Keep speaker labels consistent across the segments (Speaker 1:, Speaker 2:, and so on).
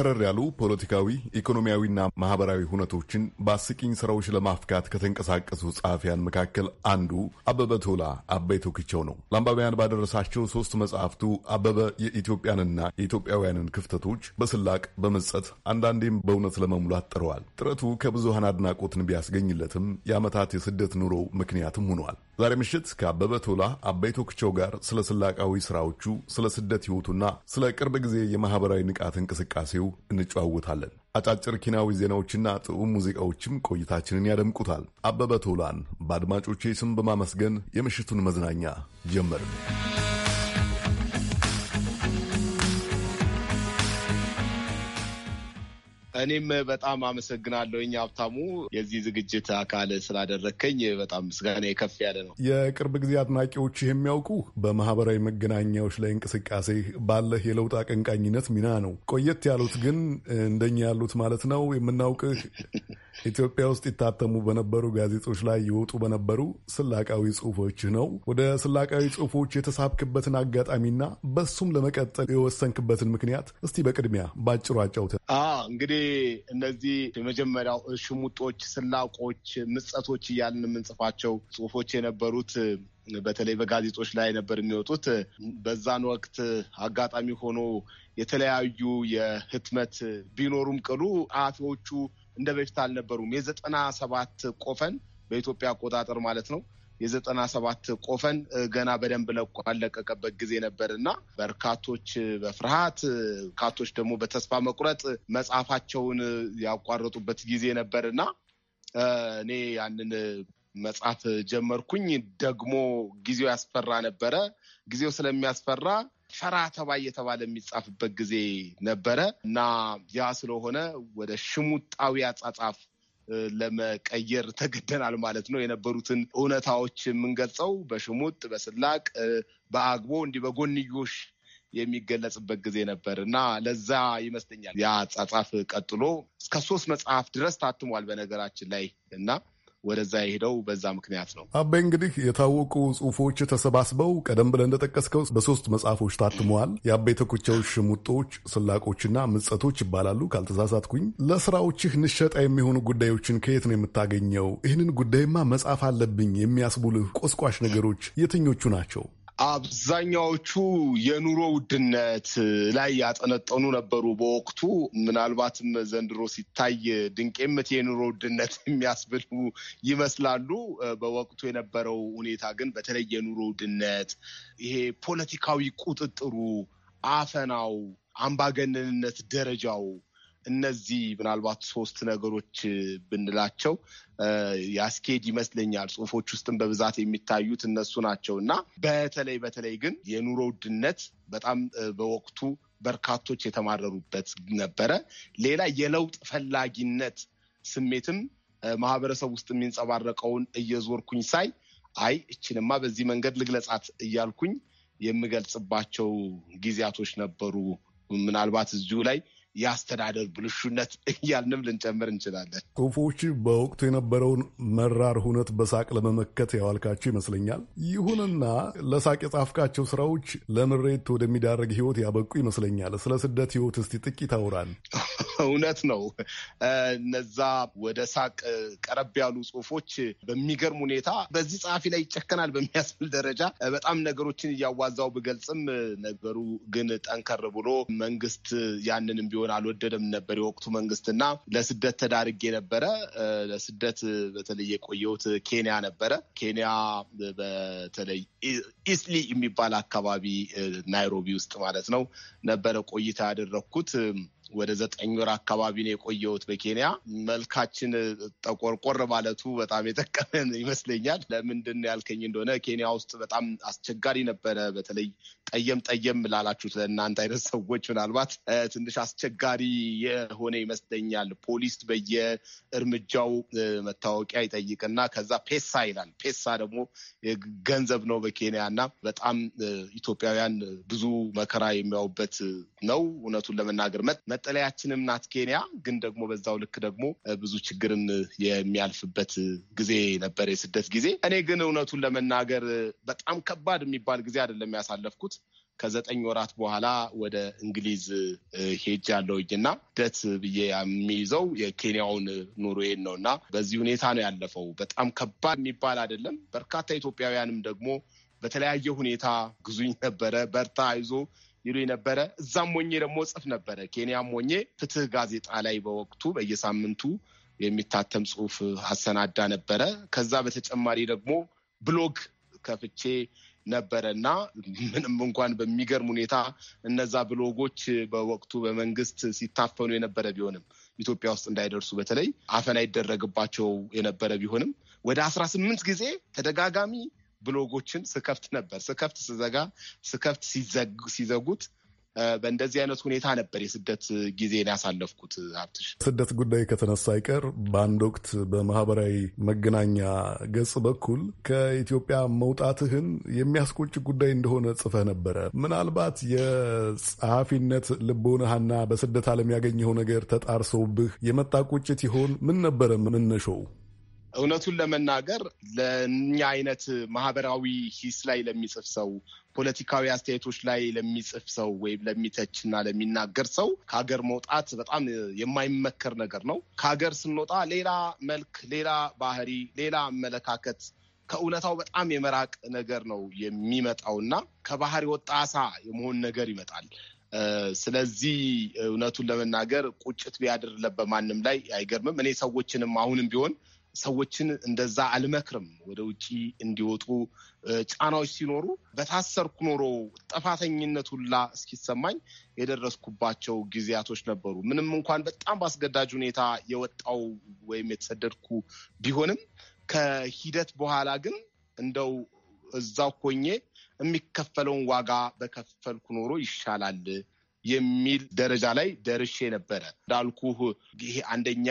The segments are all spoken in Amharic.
Speaker 1: ከረር ያሉ ፖለቲካዊ፣ ኢኮኖሚያዊና ማህበራዊ ሁነቶችን በአስቂኝ ስራዎች ለማፍካት ከተንቀሳቀሱ ጸሐፊያን መካከል አንዱ አበበ ቶላ አበይ ቶክቸው ነው። ለአንባቢያን ባደረሳቸው ሶስት መጽሐፍቱ አበበ የኢትዮጵያንና የኢትዮጵያውያንን ክፍተቶች በስላቅ በመጸት አንዳንዴም በእውነት ለመሙላት ጥረዋል። ጥረቱ ከብዙሃን አድናቆትን ቢያስገኝለትም የዓመታት የስደት ኑሮ ምክንያትም ሆኗል። ዛሬ ምሽት ከአበበ ቶላ አበይ ቶክቸው ጋር ስለ ስላቃዊ ስራዎቹ፣ ስለ ስደት ህይወቱና ስለ ቅርብ ጊዜ የማህበራዊ ንቃት እንቅስቃሴው እንጨዋወታለን። አጫጭር ኪናዊ ዜናዎችና ጥዑም ሙዚቃዎችም ቆይታችንን ያደምቁታል። አበበ ቶላን በአድማጮቼ ስም በማመስገን የምሽቱን መዝናኛ ጀመርን።
Speaker 2: እኔም በጣም አመሰግናለሁ። እኛ ሀብታሙ የዚህ ዝግጅት አካል ስላደረከኝ በጣም ምስጋና የከፍ ያለ ነው።
Speaker 1: የቅርብ ጊዜ አድናቂዎች የሚያውቁ በማህበራዊ መገናኛዎች ላይ እንቅስቃሴ ባለህ የለውጥ አቀንቃኝነት ሚና ነው። ቆየት ያሉት ግን እንደኛ ያሉት ማለት ነው የምናውቅህ ኢትዮጵያ ውስጥ ይታተሙ በነበሩ ጋዜጦች ላይ ይወጡ በነበሩ ስላቃዊ ጽሁፎች ነው። ወደ ስላቃዊ ጽሁፎች የተሳብክበትን አጋጣሚና በሱም ለመቀጠል የወሰንክበትን ምክንያት እስቲ በቅድሚያ ባጭሩ አጫውተን።
Speaker 2: እንግዲህ እነዚህ የመጀመሪያው ሽሙጦች፣ ስላቆች፣ ምጸቶች እያልን የምንጽፋቸው ጽሁፎች የነበሩት በተለይ በጋዜጦች ላይ ነበር የሚወጡት። በዛን ወቅት አጋጣሚ ሆኖ የተለያዩ የህትመት ቢኖሩም ቅሉ አቶዎቹ እንደ በፊት አልነበሩም። የዘጠና ሰባት ቆፈን በኢትዮጵያ አቆጣጠር ማለት ነው የዘጠና ሰባት ቆፈን ገና በደንብ ለቆ ባለቀቀበት ጊዜ ነበር እና በርካቶች በፍርሃት በርካቶች ደግሞ በተስፋ መቁረጥ መጽሐፋቸውን ያቋረጡበት ጊዜ ነበር እና እኔ ያንን መጽሐፍ ጀመርኩኝ። ደግሞ ጊዜው ያስፈራ ነበረ። ጊዜው ስለሚያስፈራ ፈራ ተባ እየተባለ የሚጻፍበት ጊዜ ነበረ እና ያ ስለሆነ ወደ ሽሙጣዊ አጻጻፍ ለመቀየር ተገደናል ማለት ነው። የነበሩትን እውነታዎች የምንገልጸው በሽሙጥ፣ በስላቅ፣ በአግቦ እንዲህ በጎንዮሽ የሚገለጽበት ጊዜ ነበር እና ለዛ ይመስለኛል ያ አጻጻፍ ቀጥሎ እስከ ሶስት መጽሐፍ ድረስ ታትሟል በነገራችን ላይ እና ወደዛ የሄደው በዛ ምክንያት ነው።
Speaker 1: አበይ እንግዲህ የታወቁ ጽሁፎች ተሰባስበው ቀደም ብለን እንደጠቀስከው በሶስት መጽሐፎች ታትመዋል። የአበይ ተኮቻዎች ሽሙጦች፣ ስላቆችና ምጸቶች ይባላሉ ካልተሳሳትኩኝ። ለስራዎችህ ንሸጣ የሚሆኑ ጉዳዮችን ከየት ነው የምታገኘው? ይህንን ጉዳይማ መጽሐፍ አለብኝ የሚያስቡልህ ቆስቋሽ ነገሮች የትኞቹ ናቸው?
Speaker 2: አብዛኛዎቹ የኑሮ ውድነት ላይ ያጠነጠኑ ነበሩ በወቅቱ። ምናልባትም ዘንድሮ ሲታይ ድንቄምት የኑሮ ውድነት የሚያስብሉ ይመስላሉ። በወቅቱ የነበረው ሁኔታ ግን በተለይ የኑሮ ውድነት፣ ይሄ ፖለቲካዊ ቁጥጥሩ፣ አፈናው፣ አምባገነንነት ደረጃው እነዚህ ምናልባት ሶስት ነገሮች ብንላቸው የአስኬድ ይመስለኛል። ጽሁፎች ውስጥም በብዛት የሚታዩት እነሱ ናቸው እና በተለይ በተለይ ግን የኑሮ ውድነት በጣም በወቅቱ በርካቶች የተማረሩበት ነበረ። ሌላ የለውጥ ፈላጊነት ስሜትም ማህበረሰብ ውስጥ የሚንጸባረቀውን እየዞርኩኝ ሳይ አይ እችንማ በዚህ መንገድ ልግለጻት እያልኩኝ የምገልጽባቸው ጊዜያቶች ነበሩ። ምናልባት እዚሁ ላይ የአስተዳደር ብልሹነት እያልንም ልንጨምር እንችላለን።
Speaker 1: ኮንፎዎች በወቅቱ የነበረውን መራር ሁነት በሳቅ ለመመከት ያዋልካቸው ይመስለኛል። ይሁንና ለሳቅ የጻፍካቸው ስራዎች ለምሬት ወደሚዳረግ ህይወት ያበቁ ይመስለኛል። ስለ ስደት ህይወት እስቲ ጥቂት አውራን።
Speaker 2: እውነት ነው። እነዛ ወደ ሳቅ ቀረብ ያሉ ጽሁፎች በሚገርም ሁኔታ በዚህ ጸሐፊ ላይ ይጨከናል በሚያስብል ደረጃ በጣም ነገሮችን እያዋዛው ብገልጽም ነገሩ ግን ጠንከር ብሎ መንግስት ያንንም ቢሆን ሊሆን አልወደደም ነበር የወቅቱ መንግስትና ለስደት ተዳርጌ ነበረ። ለስደት በተለይ የቆየሁት ኬንያ ነበረ። ኬንያ በተለይ ኢስሊ የሚባል አካባቢ ናይሮቢ ውስጥ ማለት ነው ነበረ ቆይታ ያደረግኩት። ወደ ዘጠኝ ወር አካባቢ ነው የቆየሁት በኬንያ። መልካችን ጠቆርቆር ማለቱ በጣም የጠቀመን ይመስለኛል። ለምንድን ያልከኝ እንደሆነ ኬንያ ውስጥ በጣም አስቸጋሪ ነበረ። በተለይ ጠየም ጠየም ላላችሁት ለእናንተ አይነት ሰዎች ምናልባት ትንሽ አስቸጋሪ የሆነ ይመስለኛል። ፖሊስ በየእርምጃው መታወቂያ ይጠይቅና ከዛ ፔሳ ይላል። ፔሳ ደግሞ ገንዘብ ነው በኬንያ እና በጣም ኢትዮጵያውያን ብዙ መከራ የሚያውበት ነው እውነቱን ለመናገር መጠለያችንም ናት ኬንያ። ግን ደግሞ በዛው ልክ ደግሞ ብዙ ችግርም የሚያልፍበት ጊዜ ነበር የስደት ጊዜ። እኔ ግን እውነቱን ለመናገር በጣም ከባድ የሚባል ጊዜ አይደለም ያሳለፍኩት። ከዘጠኝ ወራት በኋላ ወደ እንግሊዝ ያለውኝ እና ደት ብዬ የሚይዘው የኬንያውን ኑሮዬን ነው እና በዚህ ሁኔታ ነው ያለፈው። በጣም ከባድ የሚባል አይደለም። በርካታ ኢትዮጵያውያንም ደግሞ በተለያየ ሁኔታ ግዙኝ ነበረ። በርታ አይዞ ይሉ ነበረ። እዛም ሞኜ ደግሞ ጽፍ ነበረ። ኬንያም ሞኜ ፍትህ ጋዜጣ ላይ በወቅቱ በየሳምንቱ የሚታተም ጽሁፍ አሰናዳ ነበረ። ከዛ በተጨማሪ ደግሞ ብሎግ ከፍቼ ነበረ እና ምንም እንኳን በሚገርም ሁኔታ እነዛ ብሎጎች በወቅቱ በመንግስት ሲታፈኑ የነበረ ቢሆንም ኢትዮጵያ ውስጥ እንዳይደርሱ በተለይ አፈና ይደረግባቸው የነበረ ቢሆንም ወደ አስራ ስምንት ጊዜ ተደጋጋሚ ብሎጎችን ስከፍት ነበር። ስከፍት ስዘጋ፣ ስከፍት ሲዘጉት በእንደዚህ አይነት ሁኔታ ነበር የስደት ጊዜን ያሳለፍኩት። ሀብትሽ
Speaker 1: ስደት ጉዳይ ከተነሳ አይቀር በአንድ ወቅት በማህበራዊ መገናኛ ገጽ በኩል ከኢትዮጵያ መውጣትህን የሚያስቆጭ ጉዳይ እንደሆነ ጽፈህ ነበረ። ምናልባት የጸሐፊነት ልቦናህና በስደት ዓለም ያገኘኸው ነገር ተጣርሰውብህ የመጣ ቁጭት ይሆን? ምን ነበረ መነሾው?
Speaker 2: እውነቱን ለመናገር ለእኛ አይነት ማህበራዊ ሂስ ላይ ለሚጽፍ ሰው ፖለቲካዊ አስተያየቶች ላይ ለሚጽፍ ሰው ወይም ለሚተች እና ለሚናገር ሰው ከሀገር መውጣት በጣም የማይመከር ነገር ነው። ከሀገር ስንወጣ ሌላ መልክ፣ ሌላ ባህሪ፣ ሌላ አመለካከት ከእውነታው በጣም የመራቅ ነገር ነው የሚመጣው እና ከባህር የወጣ አሳ የመሆን ነገር ይመጣል። ስለዚህ እውነቱን ለመናገር ቁጭት ቢያድር በማንም ላይ አይገርምም። እኔ ሰዎችንም አሁንም ቢሆን ሰዎችን እንደዛ አልመክርም። ወደ ውጭ እንዲወጡ ጫናዎች ሲኖሩ በታሰርኩ ኖሮ ጠፋተኝነት ሁላ እስኪሰማኝ የደረስኩባቸው ጊዜያቶች ነበሩ። ምንም እንኳን በጣም በአስገዳጅ ሁኔታ የወጣው ወይም የተሰደድኩ ቢሆንም ከሂደት በኋላ ግን እንደው እዛው ኮኜ የሚከፈለውን ዋጋ በከፈልኩ ኖሮ ይሻላል የሚል ደረጃ ላይ ደርሼ ነበረ። እንዳልኩህ ይሄ አንደኛ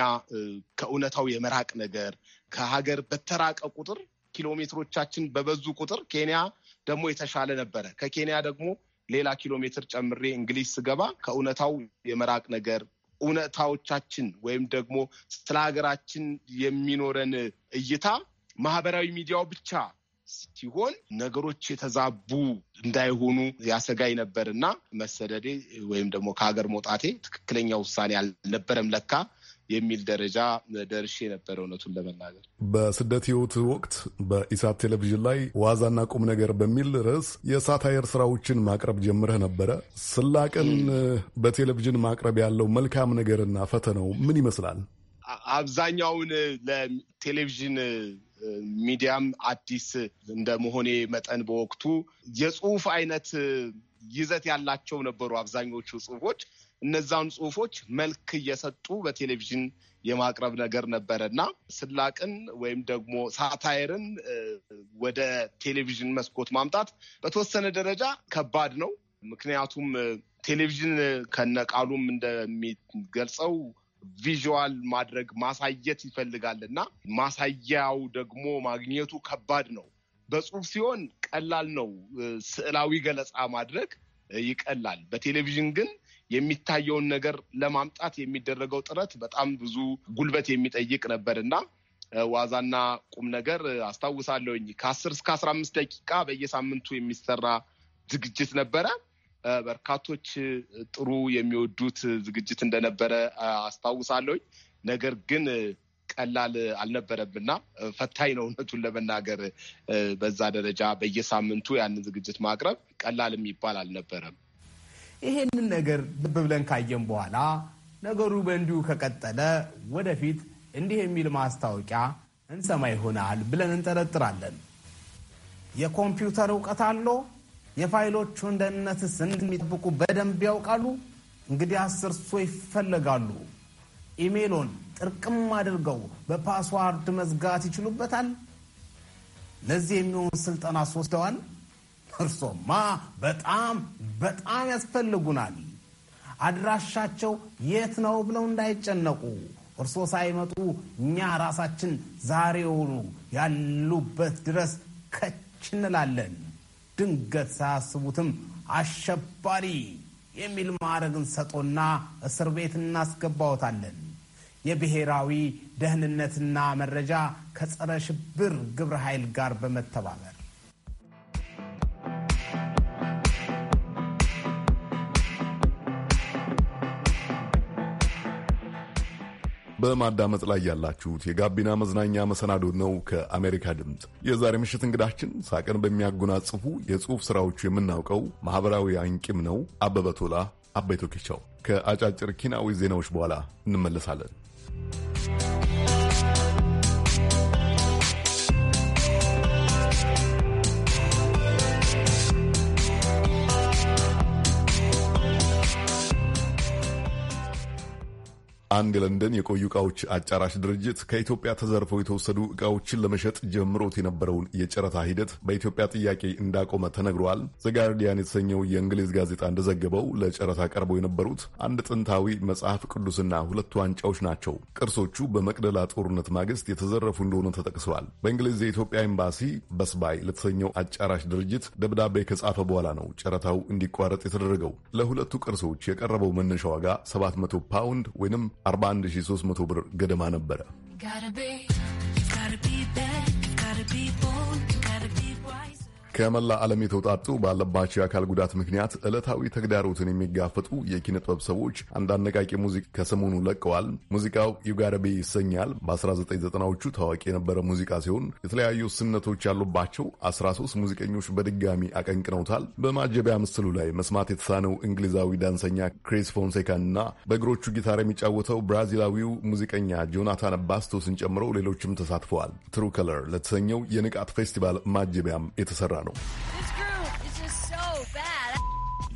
Speaker 2: ከእውነታው የመራቅ ነገር ከሀገር በተራቀ ቁጥር ኪሎ ሜትሮቻችን በበዙ ቁጥር ኬንያ ደግሞ የተሻለ ነበረ። ከኬንያ ደግሞ ሌላ ኪሎ ሜትር ጨምሬ እንግሊዝ ስገባ ከእውነታው የመራቅ ነገር እውነታዎቻችን ወይም ደግሞ ስለ ሀገራችን የሚኖረን እይታ ማህበራዊ ሚዲያው ብቻ ሲሆን ነገሮች የተዛቡ እንዳይሆኑ ያሰጋኝ ነበር እና መሰደዴ ወይም ደግሞ ከሀገር መውጣቴ ትክክለኛ ውሳኔ አልነበረም ለካ የሚል ደረጃ ደርሼ የነበረ እውነቱን ለመናገር
Speaker 1: በስደት ህይወት ወቅት በኢሳት ቴሌቪዥን ላይ ዋዛና ቁም ነገር በሚል ርዕስ የሳታየር ስራዎችን ማቅረብ ጀምረህ ነበረ። ስላቅን በቴሌቪዥን ማቅረብ ያለው መልካም ነገርና ፈተናው ምን ይመስላል?
Speaker 2: አብዛኛውን ለቴሌቪዥን ሚዲያም አዲስ እንደ መሆኔ መጠን በወቅቱ የጽሁፍ አይነት ይዘት ያላቸው ነበሩ አብዛኞቹ ጽሁፎች። እነዛን ጽሁፎች መልክ እየሰጡ በቴሌቪዥን የማቅረብ ነገር ነበረ እና ስላቅን ወይም ደግሞ ሳታይርን ወደ ቴሌቪዥን መስኮት ማምጣት በተወሰነ ደረጃ ከባድ ነው። ምክንያቱም ቴሌቪዥን ከነቃሉም እንደሚገልጸው ቪዥዋል ማድረግ ማሳየት ይፈልጋል እና ማሳያው ደግሞ ማግኘቱ ከባድ ነው። በጽሁፍ ሲሆን ቀላል ነው። ስዕላዊ ገለጻ ማድረግ ይቀላል። በቴሌቪዥን ግን የሚታየውን ነገር ለማምጣት የሚደረገው ጥረት በጣም ብዙ ጉልበት የሚጠይቅ ነበር እና ዋዛና ቁም ነገር አስታውሳለሁኝ ከአስር እስከ አስራ አምስት ደቂቃ በየሳምንቱ የሚሰራ ዝግጅት ነበረ። በርካቶች ጥሩ የሚወዱት ዝግጅት እንደነበረ አስታውሳለሁኝ። ነገር ግን ቀላል አልነበረምና ፈታኝ ነው። እውነቱን ለመናገር በዛ ደረጃ በየሳምንቱ ያንን ዝግጅት ማቅረብ ቀላል የሚባል አልነበረም።
Speaker 3: ይሄንን ነገር ልብ ብለን ካየን በኋላ ነገሩ በእንዲሁ ከቀጠለ ወደፊት እንዲህ የሚል ማስታወቂያ እንሰማ ይሆናል ብለን እንጠረጥራለን። የኮምፒውተር እውቀት አለው የፋይሎቹን ደህንነትስ እንደሚጠብቁ በደንብ ያውቃሉ። እንግዲህ አስር ሶ ይፈለጋሉ። ኢሜሉን ጥርቅም አድርገው በፓስዋርድ መዝጋት ይችሉበታል። ለዚህ የሚሆን ስልጠና ወስደዋል። እርሶማ በጣም በጣም ያስፈልጉናል። አድራሻቸው የት ነው ብለው እንዳይጨነቁ እርሶ ሳይመጡ እኛ ራሳችን ዛሬውኑ ያሉበት ድረስ ከች እንላለን። ድንገት ሳያስቡትም አሸባሪ የሚል ማዕረግን ሰጦና እስር ቤት እናስገባዎታለን። የብሔራዊ ደህንነትና መረጃ ከጸረ ሽብር ግብረ ኃይል ጋር በመተባበር
Speaker 1: በማዳመጥ ላይ ያላችሁት የጋቢና መዝናኛ መሰናዶ ነው ከአሜሪካ ድምፅ። የዛሬ ምሽት እንግዳችን ሳቅን በሚያጎናጽፉ የጽሑፍ ስራዎቹ የምናውቀው ማኅበራዊ አንቂም ነው አበበ ቶላ አበይቶኪቻው። ከአጫጭር ኪናዊ ዜናዎች በኋላ እንመለሳለን። አንድ ለንደን የቆዩ እቃዎች አጫራሽ ድርጅት ከኢትዮጵያ ተዘርፈው የተወሰዱ ዕቃዎችን ለመሸጥ ጀምሮት የነበረውን የጨረታ ሂደት በኢትዮጵያ ጥያቄ እንዳቆመ ተነግሯል። ዘጋርዲያን የተሰኘው የእንግሊዝ ጋዜጣ እንደዘገበው ለጨረታ ቀርበው የነበሩት አንድ ጥንታዊ መጽሐፍ ቅዱስና ሁለት ዋንጫዎች ናቸው። ቅርሶቹ በመቅደላ ጦርነት ማግስት የተዘረፉ እንደሆነ ተጠቅሰዋል። በእንግሊዝ የኢትዮጵያ ኤምባሲ በስባይ ለተሰኘው አጫራሽ ድርጅት ደብዳቤ ከጻፈ በኋላ ነው ጨረታው እንዲቋረጥ የተደረገው። ለሁለቱ ቅርሶች የቀረበው መነሻ ዋጋ 700 ፓውንድ ወይም 41300 ብር ገደማ ነበረ። ከመላ ዓለም የተውጣጡ ባለባቸው የአካል ጉዳት ምክንያት ዕለታዊ ተግዳሮትን የሚጋፈጡ የኪነ ጥበብ ሰዎች አንድ አነቃቂ ሙዚቃ ከሰሞኑ ለቀዋል። ሙዚቃው ዩጋረቤ ይሰኛል። በ1990ዎቹ ታዋቂ የነበረ ሙዚቃ ሲሆን የተለያዩ ስምነቶች ያሉባቸው 13 ሙዚቀኞች በድጋሚ አቀንቅነውታል። በማጀቢያ ምስሉ ላይ መስማት የተሳነው እንግሊዛዊ ዳንሰኛ ክሪስ ፎንሴካን እና በእግሮቹ ጊታር የሚጫወተው ብራዚላዊው ሙዚቀኛ ጆናታን ባስቶስን ጨምሮ ሌሎችም ተሳትፈዋል። ትሩ ከለር ለተሰኘው የንቃት ፌስቲቫል ማጀቢያም የተሰራ ነው። ነው።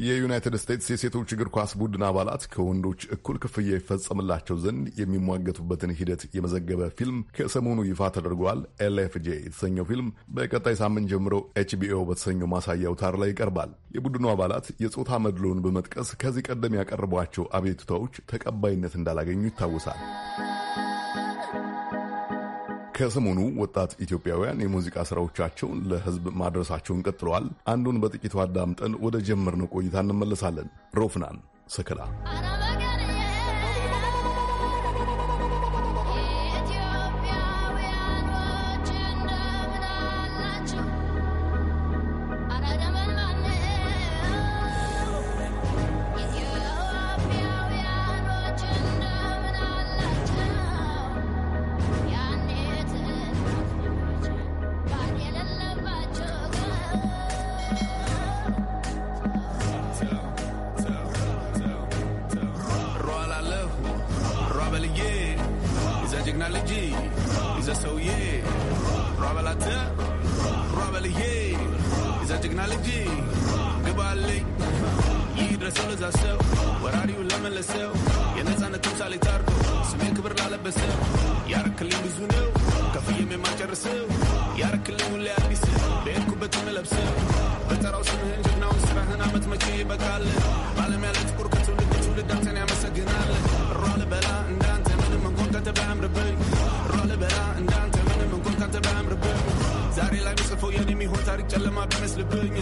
Speaker 1: የዩናይትድ ስቴትስ የሴቶች እግር ኳስ ቡድን አባላት ከወንዶች እኩል ክፍያ ይፈጸምላቸው ዘንድ የሚሟገቱበትን ሂደት የመዘገበ ፊልም ከሰሞኑ ይፋ ተደርጓል። ኤልኤፍጄ የተሰኘው ፊልም በቀጣይ ሳምንት ጀምሮ ኤችቢኦ በተሰኘው ማሳያ አውታር ላይ ይቀርባል። የቡድኑ አባላት የጾታ መድሎን በመጥቀስ ከዚህ ቀደም ያቀረቧቸው አቤቱታዎች ተቀባይነት እንዳላገኙ ይታወሳል። ከሰሞኑ ወጣት ኢትዮጵያውያን የሙዚቃ ስራዎቻቸውን ለህዝብ ማድረሳቸውን ቀጥለዋል። አንዱን በጥቂቱ አዳምጠን ወደ ጀመርነው ቆይታ እንመለሳለን። ሮፍናን ሰከላ
Speaker 4: አደርስም ያርክልኝ ሁሌ አዲስ በሄድኩበት ምለብስም በጠራው ስምህን ጀግናውን ስራህን አመት መቼ ይበቃል በዓለም ያለ ጥቁር ከትውልድ ትውልድ አንተን ያመሰግናል ሯ ልበላ እንዳንተ ምንም እንኳን ካንተ ባያምርብኝ እንዳንተ ምንም እንኳን ካንተ ባያምርብኝ ዛሬ ላይ ምጽፎ የኔ የሚሆን ታሪክ ጨለማ ቢመስልብኝ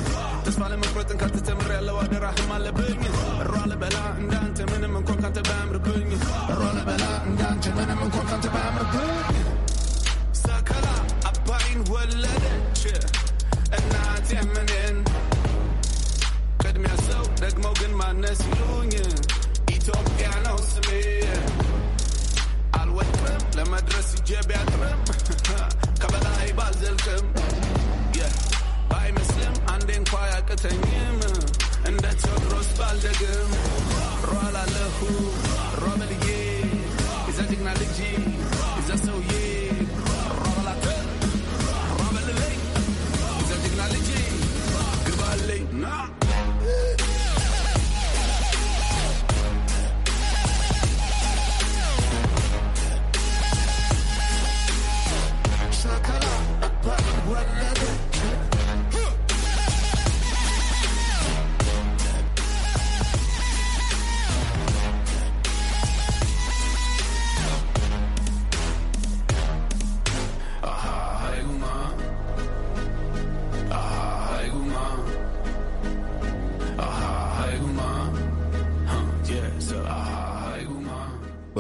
Speaker 4: ተስፋ ለመቁረጥን ካንተ ያለው አደራህም አለብኝ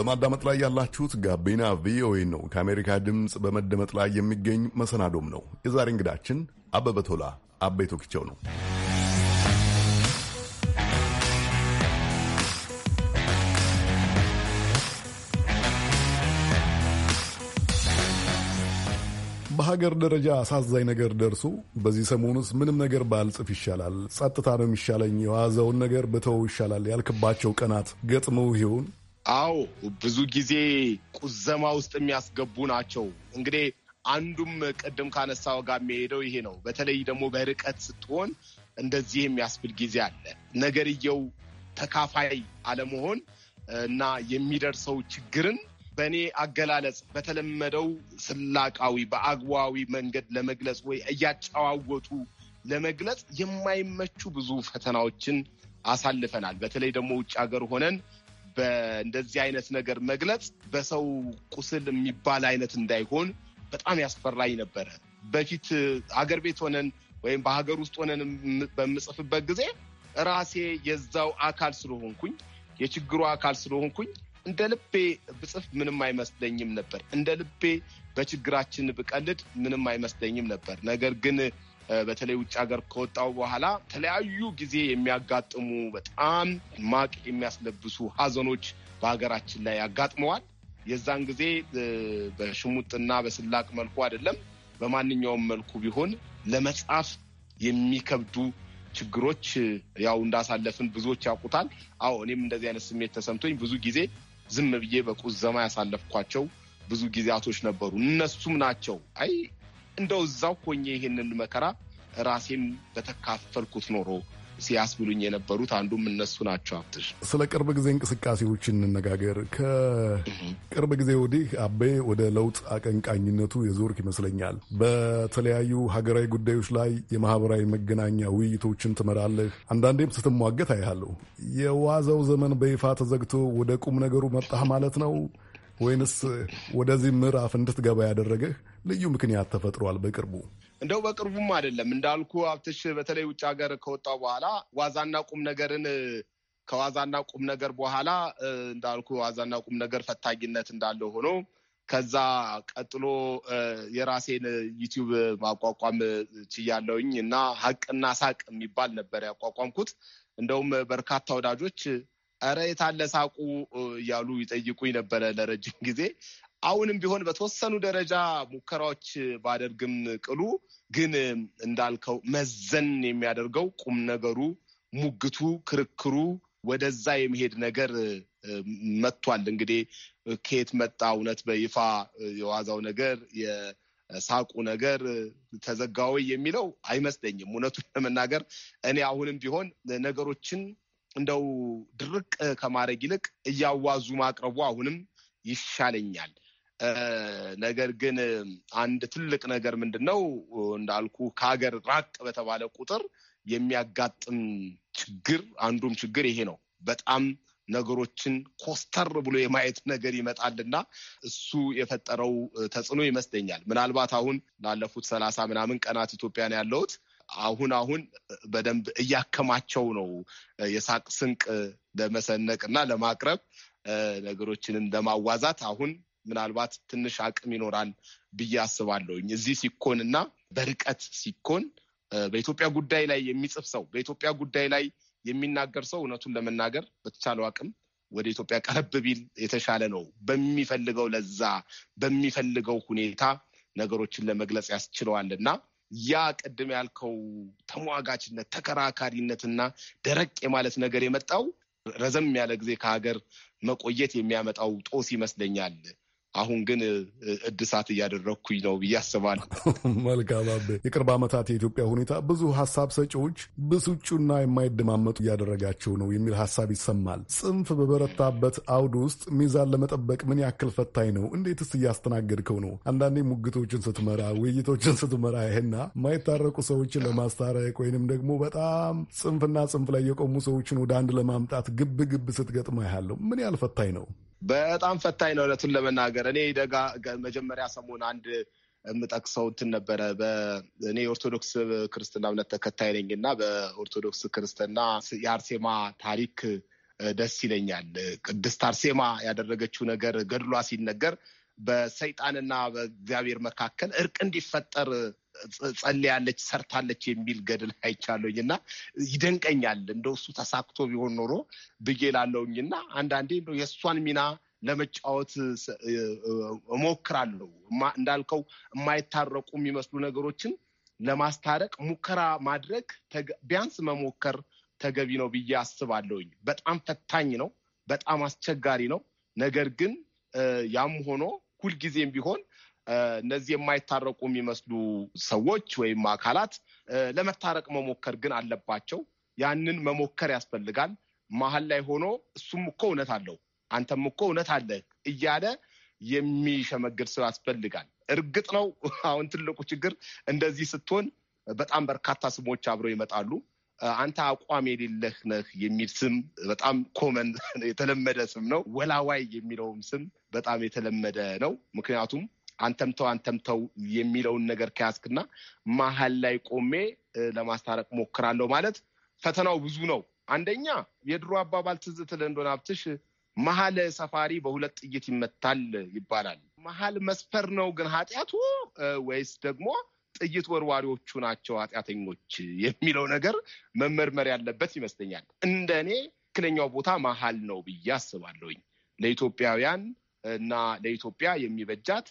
Speaker 1: በማዳመጥ ላይ ያላችሁት ጋቢና ቪኦኤ ነው። ከአሜሪካ ድምፅ በመደመጥ ላይ የሚገኝ መሰናዶም ነው። የዛሬ እንግዳችን አበበ ቶላ አቤ ቶክቸው ነው። በሀገር ደረጃ አሳዛኝ ነገር ደርሶ በዚህ ሰሞኑስ ምንም ነገር ባልጽፍ ይሻላል፣ ጸጥታ ነው የሚሻለኝ፣ የዋዘውን ነገር ብተው ይሻላል ያልክባቸው ቀናት ገጥመው ይሆን?
Speaker 2: አዎ ብዙ ጊዜ ቁዘማ ውስጥ የሚያስገቡ ናቸው። እንግዲህ አንዱም ቅድም ካነሳው ጋር የሚሄደው ይሄ ነው። በተለይ ደግሞ በርቀት ስትሆን እንደዚህ የሚያስብል ጊዜ አለ። ነገርየው ተካፋይ አለመሆን እና የሚደርሰው ችግርን በእኔ አገላለጽ በተለመደው ስላቃዊ በአግባዊ መንገድ ለመግለጽ ወይ እያጨዋወቱ ለመግለጽ የማይመቹ ብዙ ፈተናዎችን አሳልፈናል። በተለይ ደግሞ ውጭ ሀገር ሆነን በእንደዚህ አይነት ነገር መግለጽ በሰው ቁስል የሚባል አይነት እንዳይሆን በጣም ያስፈራኝ ነበረ። በፊት ሀገር ቤት ሆነን ወይም በሀገር ውስጥ ሆነን በምጽፍበት ጊዜ ራሴ የዛው አካል ስለሆንኩኝ የችግሩ አካል ስለሆንኩኝ እንደ ልቤ ብጽፍ ምንም አይመስለኝም ነበር። እንደ ልቤ በችግራችን ብቀልድ ምንም አይመስለኝም ነበር። ነገር ግን በተለይ ውጭ ሀገር ከወጣው በኋላ ተለያዩ ጊዜ የሚያጋጥሙ በጣም ማቅ የሚያስለብሱ ሀዘኖች በሀገራችን ላይ ያጋጥመዋል። የዛን ጊዜ በሽሙጥና በስላቅ መልኩ አይደለም፣ በማንኛውም መልኩ ቢሆን ለመጻፍ የሚከብዱ ችግሮች ያው እንዳሳለፍን ብዙዎች ያውቁታል። አዎ እኔም እንደዚህ አይነት ስሜት ተሰምቶኝ ብዙ ጊዜ ዝም ብዬ በቁዘማ ያሳለፍኳቸው ብዙ ጊዜያቶች ነበሩ። እነሱም ናቸው አይ እንደው እዛው ኮኜ ይህንን መከራ ራሴም በተካፈልኩት ኖሮ ሲያስብሉኝ የነበሩት አንዱም እነሱ ናቸው። አብትሽ
Speaker 1: ስለ ቅርብ ጊዜ እንቅስቃሴዎች እንነጋገር። ከቅርብ ጊዜ ወዲህ አቤ ወደ ለውጥ አቀንቃኝነቱ የዞርክ ይመስለኛል። በተለያዩ ሀገራዊ ጉዳዮች ላይ የማህበራዊ መገናኛ ውይይቶችን ትመራለህ። አንዳንዴም ስትሟገት አይሃለሁ። የዋዛው ዘመን በይፋ ተዘግቶ ወደ ቁም ነገሩ መጣህ ማለት ነው። ወይንስ ወደዚህ ምዕራፍ እንድትገባ ያደረገህ ልዩ ምክንያት ተፈጥሯል? በቅርቡ
Speaker 2: እንደው በቅርቡም አይደለም እንዳልኩ ሀብትሽ፣ በተለይ ውጭ ሀገር ከወጣሁ በኋላ ዋዛና ቁም ነገርን ከዋዛና ቁም ነገር በኋላ እንዳልኩ ዋዛና ቁም ነገር ፈታኝነት እንዳለ ሆኖ ከዛ ቀጥሎ የራሴን ዩቲዩብ ማቋቋም ችያለውኝ እና ሀቅና ሳቅ የሚባል ነበር ያቋቋምኩት። እንደውም በርካታ ወዳጆች ኧረ የታለ ሳቁ እያሉ ይጠይቁኝ ነበረ ለረጅም ጊዜ። አሁንም ቢሆን በተወሰኑ ደረጃ ሙከራዎች ባደርግም ቅሉ ግን እንዳልከው መዘን የሚያደርገው ቁም ነገሩ፣ ሙግቱ፣ ክርክሩ ወደዛ የመሄድ ነገር መጥቷል። እንግዲህ ከየት መጣ እውነት በይፋ የዋዛው ነገር የሳቁ ነገር ተዘጋዊ የሚለው አይመስለኝም። እውነቱን ለመናገር እኔ አሁንም ቢሆን ነገሮችን እንደው ድርቅ ከማድረግ ይልቅ እያዋዙ ማቅረቡ አሁንም ይሻለኛል። ነገር ግን አንድ ትልቅ ነገር ምንድን ነው እንዳልኩ ከሀገር ራቅ በተባለ ቁጥር የሚያጋጥም ችግር አንዱም ችግር ይሄ ነው። በጣም ነገሮችን ኮስተር ብሎ የማየት ነገር ይመጣልና እሱ የፈጠረው ተጽዕኖ ይመስለኛል። ምናልባት አሁን ላለፉት ሰላሳ ምናምን ቀናት ኢትዮጵያን ያለሁት አሁን አሁን በደንብ እያከማቸው ነው። የሳቅ ስንቅ ለመሰነቅ እና ለማቅረብ ነገሮችንም ለማዋዛት አሁን ምናልባት ትንሽ አቅም ይኖራል ብዬ አስባለሁኝ። እዚህ ሲኮን እና በርቀት ሲኮን በኢትዮጵያ ጉዳይ ላይ የሚጽፍ ሰው በኢትዮጵያ ጉዳይ ላይ የሚናገር ሰው እውነቱን ለመናገር በተቻለው አቅም ወደ ኢትዮጵያ ቀረብ ቢል የተሻለ ነው። በሚፈልገው ለዛ በሚፈልገው ሁኔታ ነገሮችን ለመግለጽ ያስችለዋል እና ያ ቅድም ያልከው ተሟጋችነት፣ ተከራካሪነትና ደረቅ የማለት ነገር የመጣው ረዘም ያለ ጊዜ ከሀገር መቆየት የሚያመጣው ጦስ ይመስለኛል። አሁን ግን እድሳት እያደረግኩኝ ነው ብዬ አስባለሁ።
Speaker 1: መልካም አቤ፣ የቅርብ ዓመታት የኢትዮጵያ ሁኔታ ብዙ ሀሳብ ሰጪዎች ብስጩና የማይደማመጡ እያደረጋቸው ነው የሚል ሀሳብ ይሰማል። ጽንፍ በበረታበት አውድ ውስጥ ሚዛን ለመጠበቅ ምን ያክል ፈታኝ ነው? እንዴትስ እያስተናገድከው ነው? አንዳንዴ ሙግቶችን ስትመራ፣ ውይይቶችን ስትመራ ይህና የማይታረቁ ሰዎችን ለማስታረቅ ወይንም ደግሞ በጣም ጽንፍና ጽንፍ ላይ የቆሙ ሰዎችን ወደ አንድ ለማምጣት ግብ ግብ ስትገጥማ ያለው ምን ያህል ፈታኝ ነው?
Speaker 2: በጣም ፈታኝ ነው እውነቱን ለመናገር እኔ ደጋ መጀመሪያ ሰሞን አንድ የምጠቅሰው እንትን ነበረ። እኔ የኦርቶዶክስ ክርስትና እምነት ተከታይ ነኝ እና በኦርቶዶክስ ክርስትና የአርሴማ ታሪክ ደስ ይለኛል። ቅድስት አርሴማ ያደረገችው ነገር ገድሏ ሲነገር በሰይጣንና በእግዚአብሔር መካከል እርቅ እንዲፈጠር ጸልያለች፣ ሰርታለች የሚል ገድል አይቻለኝ እና ይደንቀኛል። እንደ እሱ ተሳክቶ ቢሆን ኖሮ ብዬ ላለውኝ እና አንዳንዴ የእሷን ሚና ለመጫወት እሞክራለሁ። እንዳልከው የማይታረቁ የሚመስሉ ነገሮችን ለማስታረቅ ሙከራ ማድረግ ቢያንስ መሞከር ተገቢ ነው ብዬ አስባለሁኝ። በጣም ፈታኝ ነው፣ በጣም አስቸጋሪ ነው። ነገር ግን ያም ሆኖ ሁልጊዜም ቢሆን እነዚህ የማይታረቁ የሚመስሉ ሰዎች ወይም አካላት ለመታረቅ መሞከር ግን አለባቸው። ያንን መሞከር ያስፈልጋል። መሀል ላይ ሆኖ እሱም እኮ እውነት አለው አንተም እኮ እውነት አለ እያለ የሚሸመግል ሰው ያስፈልጋል። እርግጥ ነው አሁን ትልቁ ችግር እንደዚህ ስትሆን በጣም በርካታ ስሞች አብረው ይመጣሉ። አንተ አቋም የሌለህ ነህ የሚል ስም በጣም ኮመን የተለመደ ስም ነው። ወላዋይ የሚለውም ስም በጣም የተለመደ ነው። ምክንያቱም አንተምተው አንተምተው የሚለውን ነገር ከያዝክና መሀል ላይ ቆሜ ለማስታረቅ ሞክራለሁ ማለት ፈተናው ብዙ ነው። አንደኛ የድሮ አባባል ትዝ ትል እንደሆነ ሀብትሽ መሀል ሰፋሪ በሁለት ጥይት ይመታል ይባላል። መሀል መስፈር ነው ግን ኃጢአቱ ወይስ ደግሞ ጥይት ወርዋሪዎቹ ናቸው ኃጢአተኞች የሚለው ነገር መመርመር ያለበት ይመስለኛል። እንደ እኔ ትክክለኛው ቦታ መሀል ነው ብዬ አስባለሁኝ። ለኢትዮጵያውያን እና ለኢትዮጵያ የሚበጃት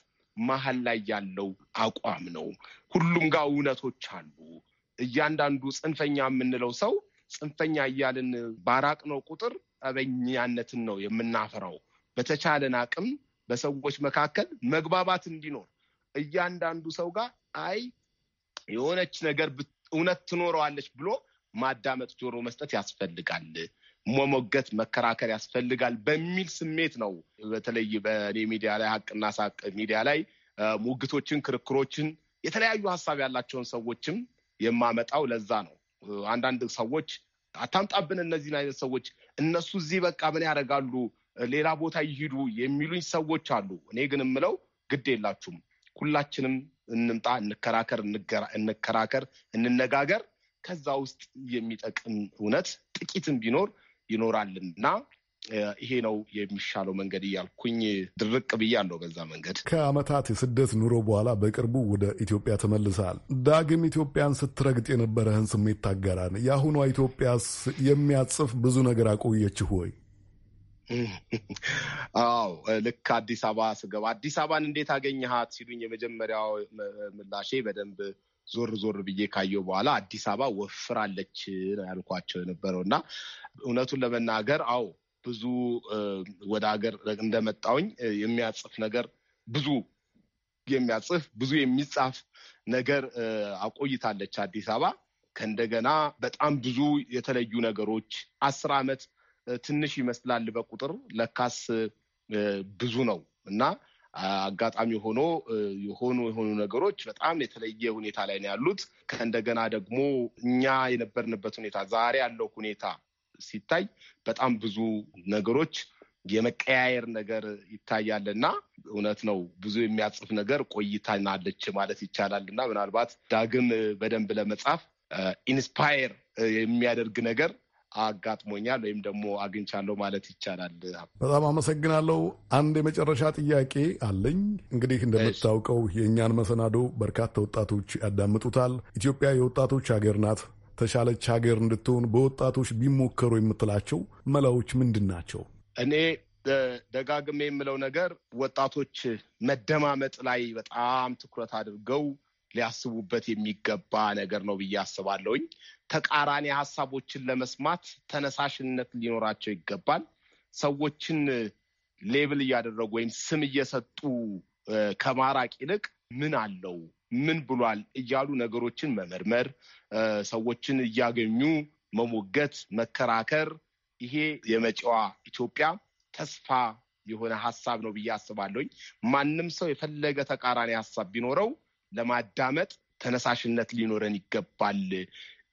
Speaker 2: መሀል ላይ ያለው አቋም ነው። ሁሉም ጋር እውነቶች አሉ። እያንዳንዱ ጽንፈኛ የምንለው ሰው ጽንፈኛ እያልን ባራቅነው ቁጥር ጠበኛነትን ነው የምናፈራው። በተቻለን አቅም በሰዎች መካከል መግባባት እንዲኖር እያንዳንዱ ሰው ጋር አይ የሆነች ነገር እውነት ትኖረዋለች ብሎ ማዳመጥ፣ ጆሮ መስጠት ያስፈልጋል። መሞገት፣ መከራከር ያስፈልጋል በሚል ስሜት ነው በተለይ በእኔ ሚዲያ ላይ ሀቅና ሳቅ ሚዲያ ላይ ሙግቶችን፣ ክርክሮችን የተለያዩ ሀሳብ ያላቸውን ሰዎችም የማመጣው ለዛ ነው። አንዳንድ ሰዎች አታምጣብን እነዚህን አይነት ሰዎች እነሱ እዚህ በቃ ምን ያደርጋሉ ሌላ ቦታ ይሂዱ የሚሉኝ ሰዎች አሉ። እኔ ግን የምለው ግድ የላችሁም ሁላችንም እንምጣ፣ እንከራከር፣ እንከራከር፣ እንነጋገር። ከዛ ውስጥ የሚጠቅም እውነት ጥቂትም ቢኖር ይኖራልና ይሄ ነው የሚሻለው መንገድ እያልኩኝ ድርቅ ብያለሁ። በዛ መንገድ
Speaker 1: ከአመታት የስደት ኑሮ በኋላ በቅርቡ ወደ ኢትዮጵያ ተመልሰሃል። ዳግም ኢትዮጵያን ስትረግጥ የነበረህን ስሜት ታገራን። የአሁኗ ኢትዮጵያስ የሚያጽፍ ብዙ ነገር አቆየችህ ወይ?
Speaker 2: አዎ፣ ልክ አዲስ አበባ ስገባ አዲስ አበባን እንዴት አገኘሃት ሲሉኝ የመጀመሪያው ምላሼ በደንብ ዞር ዞር ብዬ ካየው በኋላ አዲስ አበባ ወፍራለች ነው ያልኳቸው የነበረው እና እውነቱን ለመናገር አዎ ብዙ ወደ ሀገር እንደመጣውኝ የሚያጽፍ ነገር ብዙ የሚያጽፍ ብዙ የሚጻፍ ነገር አቆይታለች አዲስ አበባ። ከእንደገና በጣም ብዙ የተለዩ ነገሮች አስር ዓመት ትንሽ ይመስላል በቁጥር ለካስ ብዙ ነው እና አጋጣሚ ሆኖ የሆኑ የሆኑ ነገሮች በጣም የተለየ ሁኔታ ላይ ነው ያሉት። ከእንደገና ደግሞ እኛ የነበርንበት ሁኔታ ዛሬ ያለው ሁኔታ ሲታይ በጣም ብዙ ነገሮች የመቀያየር ነገር ይታያልና እውነት ነው ብዙ የሚያጽፍ ነገር ቆይታናለች ማለት ይቻላል። እና ምናልባት ዳግም በደንብ ለመጻፍ ኢንስፓየር የሚያደርግ ነገር አጋጥሞኛል ወይም ደግሞ አግኝቻለሁ ማለት ይቻላል።
Speaker 1: በጣም አመሰግናለሁ። አንድ የመጨረሻ ጥያቄ አለኝ። እንግዲህ እንደምታውቀው የእኛን መሰናዶ በርካታ ወጣቶች ያዳምጡታል። ኢትዮጵያ የወጣቶች ሀገር ናት። ተሻለች ሀገር እንድትሆን በወጣቶች ቢሞከሩ የምትላቸው መላዎች ምንድን ናቸው?
Speaker 2: እኔ ደጋግሜ የምለው ነገር ወጣቶች መደማመጥ ላይ በጣም ትኩረት አድርገው ሊያስቡበት የሚገባ ነገር ነው ብዬ አስባለሁኝ። ተቃራኒ ሀሳቦችን ለመስማት ተነሳሽነት ሊኖራቸው ይገባል። ሰዎችን ሌብል እያደረጉ ወይም ስም እየሰጡ ከማራቅ ይልቅ ምን አለው ምን ብሏል እያሉ ነገሮችን መመርመር፣ ሰዎችን እያገኙ መሞገት፣ መከራከር ይሄ የመጪዋ ኢትዮጵያ ተስፋ የሆነ ሀሳብ ነው ብዬ አስባለሁኝ። ማንም ሰው የፈለገ ተቃራኒ ሀሳብ ቢኖረው ለማዳመጥ ተነሳሽነት ሊኖረን ይገባል።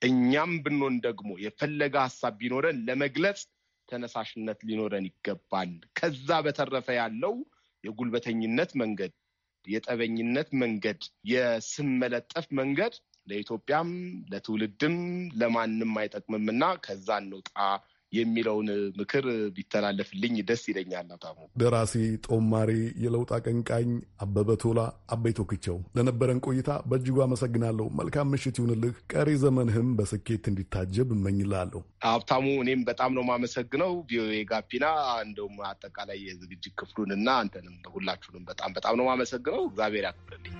Speaker 2: እኛም ብንሆን ደግሞ የፈለገ ሀሳብ ቢኖረን ለመግለጽ ተነሳሽነት ሊኖረን ይገባል። ከዛ በተረፈ ያለው የጉልበተኝነት መንገድ፣ የጠበኝነት መንገድ፣ የስም መለጠፍ መንገድ ለኢትዮጵያም ለትውልድም ለማንም አይጠቅምምና ከዛ እንውጣ የሚለውን ምክር ቢተላለፍልኝ ደስ ይለኛል። ታሙ
Speaker 1: ደራሲ፣ ጦማሪ፣ የለውጥ አቀንቃኝ አበበ ቶላ አበይቶ ክቸው ለነበረን ቆይታ በእጅጉ አመሰግናለሁ። መልካም ምሽት ይሁንልህ። ቀሪ ዘመንህም በስኬት እንዲታጀብ እመኝልሃለሁ።
Speaker 2: ሀብታሙ፣ እኔም በጣም ነው የማመሰግነው። ቪኦኤ ጋቢና እንደውም አጠቃላይ የዝግጅት ክፍሉን እና አንተንም ሁላችሁንም በጣም በጣም ነው የማመሰግነው። እግዚአብሔር ያክብርልኝ።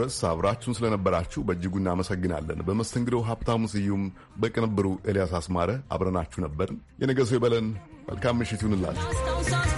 Speaker 1: ድረስ አብራችሁን ስለነበራችሁ በእጅጉ እናመሰግናለን። በመስተንግዶው ሀብታሙ ስዩም፣ በቅንብሩ ኤልያስ አስማረ አብረናችሁ ነበርን። የነገ ሰው ይበለን። መልካም ምሽት ይሁንላችሁ።